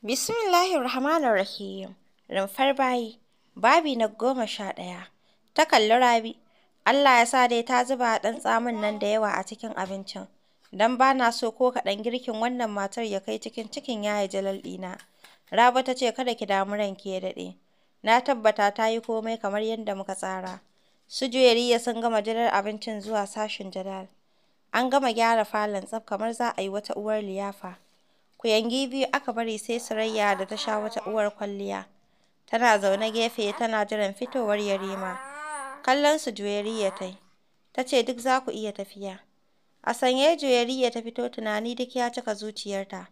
Bismillahirrahmanirrahim. Rumfar bayi, babi na goma sha ɗaya. Ta kalli Rabi, Allah ya sa dai ta zuba ɗan tsamin nan da yawa a cikin abincin, dan ba na so ko kaɗan girkin wannan matar ya kai cikin cikin yaya Jalal ɗina. Rabi ta ce kada ki damu ranki ya daɗe. Na tabbata ta yi komai kamar yadda muka tsara. Su juyariya sun gama jirar abincin zuwa sashin Jalal. An gama gyara falon tsaf kamar za a yi wata uwar liyafa. Ku yangi biyu aka bari sai Sarayya da ta sha wata uwar kwalliya. Tana zaune gefe tana jiran fitowar Yarima. Kallon su Juyariya ta yi. Ta ce duk za ku iya tafiya. A sanye Juyariya ta fito tunani duk ya cika zuciyarta.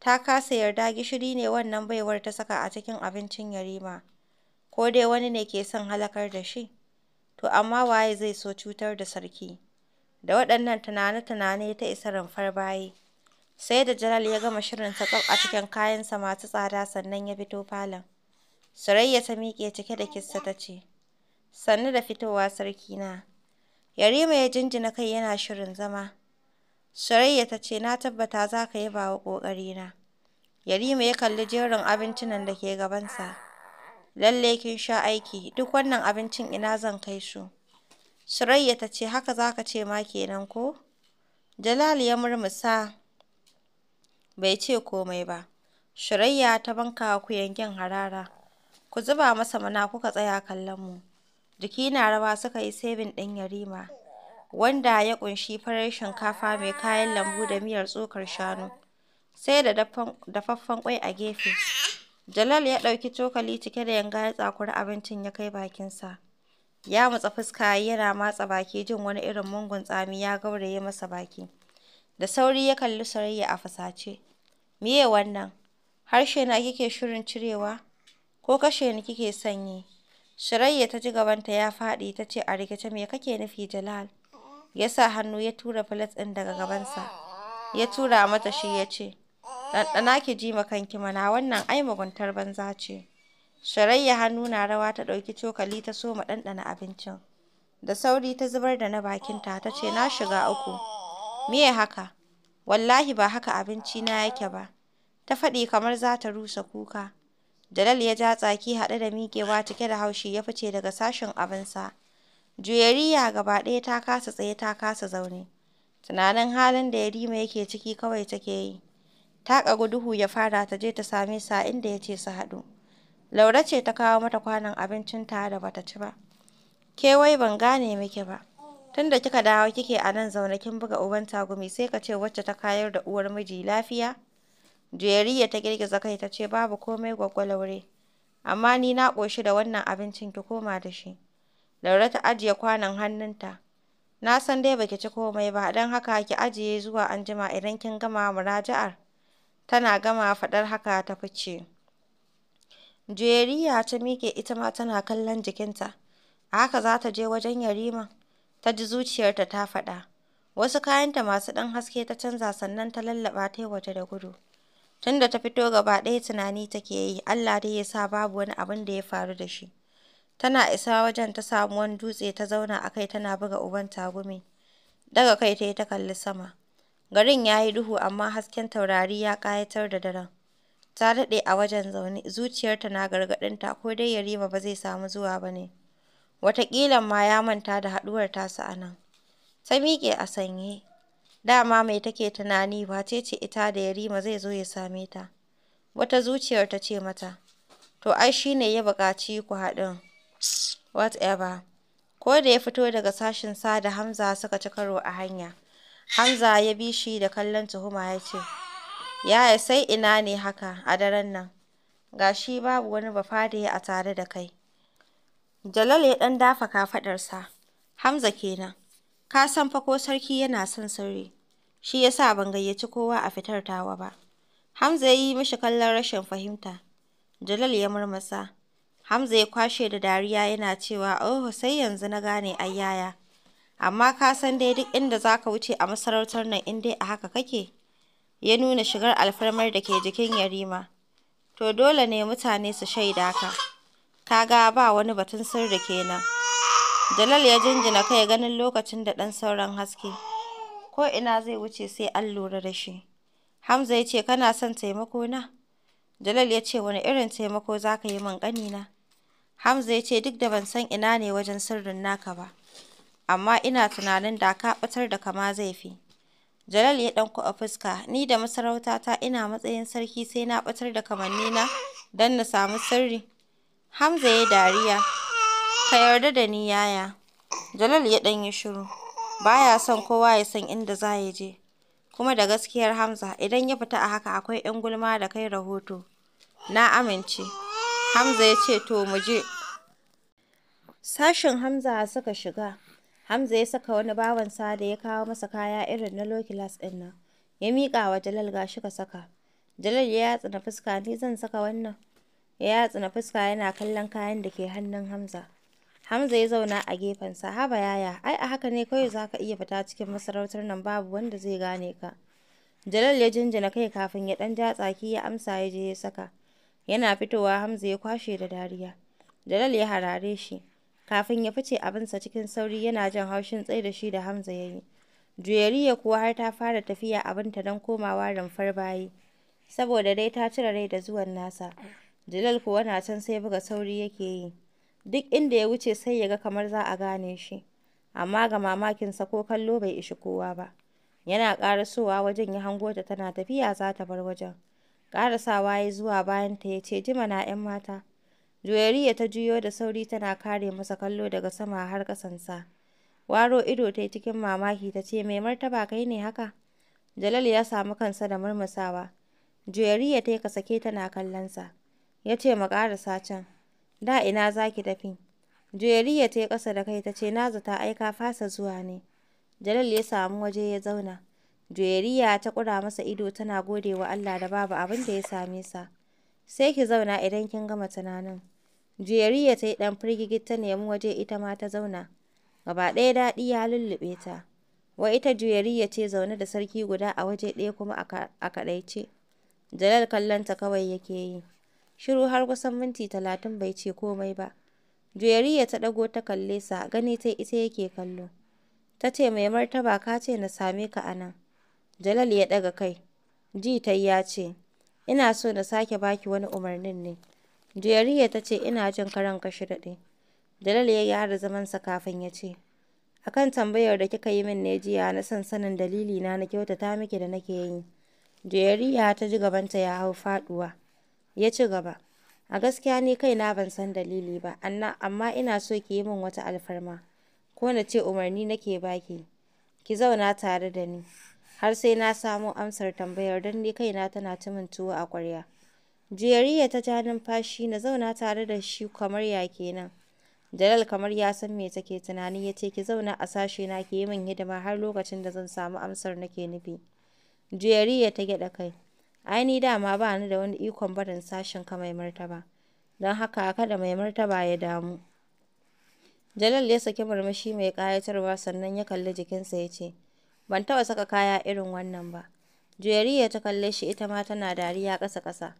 Ta kasa yarda gishiri ne wannan baiwar ta saka a cikin abincin Yarima. Ko dai wani ne ke son halakar da shi. To amma waye zai so cutar da sarki? Da waɗannan tunane-tunane ta isa rumfar bayi. Sai da Jalal ya gama shirin tsaf a cikin kayansa masu tsada sannan ya fito falon. Surayya ta miƙe cike da kissa ta ce, Sannu da fitowa sarki na Yarima ya jinjina kai yana shirin zama. Surayya ta ce, Na tabbata za ka yi bawa na Yarima ya kalli jerin abincinan da ke gabansa. Lalle kin sha aiki, duk wannan abincin ina zan kai su. Surayya ta ce, Haka za ka ce ma kenan ko? Jalal ya murmusa. Bai ce komai ba. Shirayya ta banka ku yankin harara. Ku zuba masa mana kuka tsaya kallon mu. Jiki na rawa suka yi sebin ɗin Yarima, wanda ya ƙunshi farar shinkafa mai kayan lambu da miyar tsokar shanu, sai da dafaffen kwai a gefe. Jalal ya ɗauki cokali cike da yanga ya tsakuri abincin ya kai bakinsa. Ya matsa fuska yana matsa baki jin wani irin mungun tsami ya gauraye masa baki. Da sauri ya kalli Sarayya a fasace. Miye wannan? harshe na kike shirin cirewa? Ko kashe ni kike sanyi. Shirayya ta ji gabanta ya faɗi ta ce a rikice me kake nufi Jalal? Ya sa hannu ya tura filas ɗin daga gabansa. Ya tura mata shi ya ce, ɗanɗana ki ji ma kanki mana wannan ai muguntar banza ce. Shirayya hannu na rawa ta ɗauki cokali ta soma ɗanɗana abincin. Da sauri ta zubar da na bakinta ta ce na shiga uku. Miye haka? Wallahi ba haka abinci na yake ba, ta faɗi kamar za ta rusa kuka. Jalal ya ja tsaki haɗe da miƙewa cike da haushi ya fice daga sashen abinsa. Juyariya gaba ɗaya ta kasa tsaye ta kasa zaune. Tunanin halin da Yarima yake ciki kawai take yi. Ta ƙagu duhu ya fara ta je ta same sa inda ya ce su haɗu. Laure ce ta kawo mata kwanon abincin tare da bata ci ba. Kewai ban gane miki ba. Tunda kika dawo kike a nan zaune kin buga uban tagumi sai ka ce wacce ta kayar da uwar miji lafiya? Juyeriya ta girgiza kai ta ce babu komai Gwaggo Laure, amma ni na ƙoshi da wannan abincin ki koma da shi. Laure ta ajiye kwanon hannunta. Na san dai baki ci komai ba don haka ki ajiye zuwa anjima idan kin gama muraja'ar. Tana gama faɗar haka ta fice. jeriya ta mike ita ma tana kallon jikinta. A haka za ta je wajen Yarima. ta ji zuciyarta ta faɗa. Wasu kayanta masu ɗan haske ta canza sannan ta lallaɓa ta yi waje da gudu. tun da ta fito gaba ɗaya tunani take yi, Allah dai ya sa babu wani abin da ya faru da shi. Tana isa wajen ta samu wani dutse ta zauna a kai tana buga uban tagumi. Daga kai ta yi ta kalli sama. Garin ya yi duhu amma hasken taurari ya ƙayatar da daren. Ta daɗe a wajen zaune, zuciyarta na gargaɗinta ko dai Yarima ba zai samu zuwa ba ne. wataƙila ma ya manta da haɗuwar tasu a nan. Ta miƙe a sanye. Dama mai take tunani ba, ce ita da Yarima zai zo ya same ta. Wata zuciyar ta ce mata, To ai shi ne ya buƙaci ku haɗin. Whatever. Ko da ya fito daga sashin sa da Hamza suka ci karo a hanya. Hamza ya bi shi da kallon tuhuma ya ce, Yaya sai ina ne haka a daren nan? Ga shi babu wani bafa da ya a tare da kai. Jalal ya ɗan dafa kafaɗarsa. Hamza kenan. Ka san fa ko sarki yana son sirri. Shi ya sa ban gayyaci kowa a fitar tawa ba. Hamza ya yi mishi kallon rashin fahimta. Jalal ya murmusa. Hamza ya kwashe da dariya yana cewa, "Oh, sai yanzu na gane ayyaya." Amma ka san dai duk inda za ka wuce a masarautar nan in dai a haka kake? Ya nuna shigar alfarmar da ke jikin Yarima. To dole ne mutane su shaida ka. kaga ba wani batun sirri kenan Jalal ya jinjina kai ganin lokacin da ɗan sauran haske ko ina zai wuce sai an lura da shi Hamza ya ce kana son taimako na Jalal ya ce wani irin taimako za ka yi min ƙanina Hamza ya ce duk da ban san ina ne wajen sirrin naka ba amma ina tunanin da ka batar da kama zai fi Jalal ya ɗan a fuska ni da masarautata ina matsayin sarki sai na batar da kamannina don na samu sirri Hamza ya yi dariya. Ka yarda da ni yaya. Jalal ya ɗan yi shiru. Ba ya son kowa ya san inda za ya je. Kuma da gaskiyar Hamza, idan ya fita a haka akwai ‘yan gulma da kai rahoto. Na amince. Hamza ya ce to mu je. Sashen Hamza suka shiga. Hamza ya saka wani sa da ya kawo masa kaya irin na lokilas ɗin nan. Ya miƙa wa Jalal ga shi ka saka. Jalal ya yatsa na fuska ni zan saka wannan. ya tsina fuska yana kallon kayan da ke hannun Hamza. Hamza ya zauna a gefensa, haba yaya, ai a haka ne kawai za ka iya fita cikin masarautar nan babu wanda zai gane ka. Jalal ya jinjina kai kafin ya ɗan ja tsaki ya amsa ya je ya saka. Yana fitowa Hamza ya kwashe da dariya. Jalal ya harare shi. Kafin ya fice abinsa cikin sauri yana jan haushin tsaye da shi da Hamza ya yi. Juyariya kuwa har ta fara tafiya abinta don komawa rumfar bayi. Saboda dai ta cire rai da zuwan nasa. Jalal kuwa na can sai buga sauri yake yi. Duk inda ya wuce sai ya ga kamar za a gane shi. Amma ga mamakinsa ko kallo bai ishi kowa ba. Yana ƙarasowa wajen ya hango ta tana tafiya za ta bar wajen. Ƙarasawa ya zuwa bayan ta ya ce jima na ‘yan mata. Juwairiya ta juyo da sauri tana kare masa kallo daga sama har ƙasansa. Waro ido ta yi cikin mamaki ta ce mai martaba kai ne haka? Jalal ya samu kansa da murmusawa. Juwairiya ta yi kasake tana kallonsa. ya ce mu ƙarasa can. Da ina za ki tafi? juyariya ta yi ƙasa da kai ta ce na zata aika fasa zuwa ne. Jalal ya samu waje ya zauna. juyariya ta ƙura masa ido tana gode wa Allah da babu abin da ya same sa. Sai ki zauna idan kin gama tunanin. juyariya ta yi ɗan firgigit ta nemi waje ita ma ta zauna. Gaba ɗaya daɗi ya lullube ta. Wa ita juyariya ce zaune da sarki guda a waje ɗaya kuma a kaɗaice. Jalal kallonta kawai yake yi. Shiru har kusan minti talatin bai ce komai ba. Juyairiya ta ɗago ta kalle sa, gani ta ita yake kallo. Ta ce mai martaba ka ce na same ka a nan. Jalal ya ɗaga kai. Ji ta ya ce, ina so na sake baki wani umarnin ne. Juyairiya ta ce ina jin karan kashi daɗe. Jalal ya gyara zamansa kafin ya ce, akan tambayar da kika yi min ne jiya na san sanin dalili na na kyautata miki da nake yi. Juyairiya ta ji gabanta ya hau faɗuwa. ya ci gaba. A gaskiya ni kaina ban san dalili ba, amma ina so ki yi min wata alfarma, ko na ce umarni nake baki, ki zauna tare da ni, har sai na samu amsar tambayar don ni kaina tana ta min tuwo a ƙwarya. Juyariya ta ja numfashi na zauna tare da shi kamar ya kenan. Jalal kamar ya san me take tunani ya ce ki zauna a sashe na ki yi min hidima har lokacin da zan samu amsar nake nufi. Juyariya ta gyaɗa kai. Ai ni dama ba ni da wani ikon barin ka Mai Martaba, don haka kada Mai Martaba ya damu. Jalal ya saki murmushi mai ƙayatarwa sannan ya kalli jikinsa ya ce, Ban taɓa saka kaya irin wannan ba. juyariya ta kalle shi ita ma tana dariya ƙasa-ƙasa.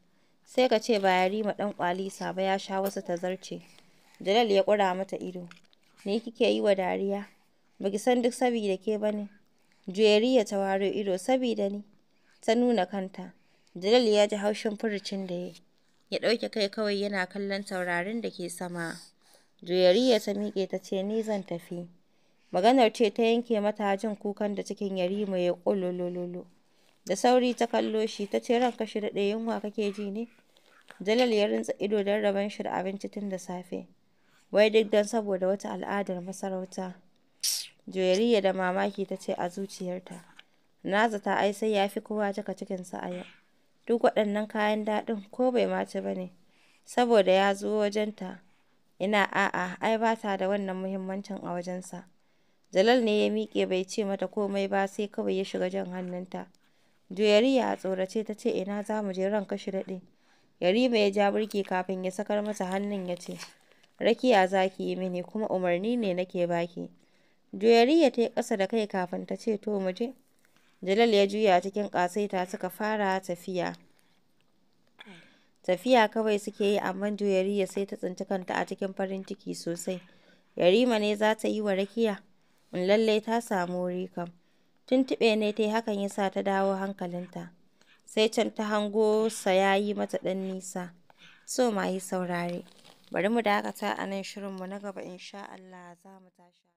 Sai ka ce ba Yarima ɗan ƙwalisa ba ya sha wasu zarce. Jalal ya ƙura mata ido. Ni kike yi wa dariya? Ba ki san duk sabida ke ba ne. Juwairiyya ta waro ido sabida ni. Ta nuna kanta. Jalal ya ji haushin furucin da ya Ya ɗauke kai kawai yana kallon taurarin da ke sama. Joyariya ta miƙe ta ce, Ni zan tafi. Maganar ce ta yanke mata jin kukan da cikin Yarima ya ƙolololo. Da sauri ta kallo shi ta ce, Ranka shi daɗe yunwa kake ji ne? Jalal ya rintsa ido don rabon shi da abinci tun da safe. Wai duk don saboda wata al'adar masarauta. Joyariya da mamaki ta ce a zuciyarta. Na zata ai sai ya fi kowa cika cikinsa a yau. duk waɗannan kayan daɗin ko bai ma ci ba ne, saboda ya zo wajenta, ina a'a ai ba ta da wannan muhimmancin a wajensa. Jalal ne ya miƙe bai ce mata komai ba sai kawai ya shiga jan hannunta. Juyairiya a tsorace ta ce ina za mu je ran shi daɗe. Yarima ya ja birki kafin ya sakar masa hannun ya ce, Rakiya za ki yi mini kuma umarni ne nake baki. ya ta yi ƙasa da kai kafin ta ce to mu je. Jalal ya juya cikin ƙasaita suka fara tafiya. Tafiya kawai suke yi amma Juwairiya sai ta tsinci kanta a cikin farin ciki sosai. Yarima ne za ta yi wa rakiya? In mm, lallai ta samu wuri kam. Tuntuɓe ne ta yi hakan ya sa ta dawo hankalinta. Sai can ta hango sa ya yi mata ɗan nisa. So ma yi saurare. Bari mu dakata a nan shirinmu na gaba insha Allah za mu tashi.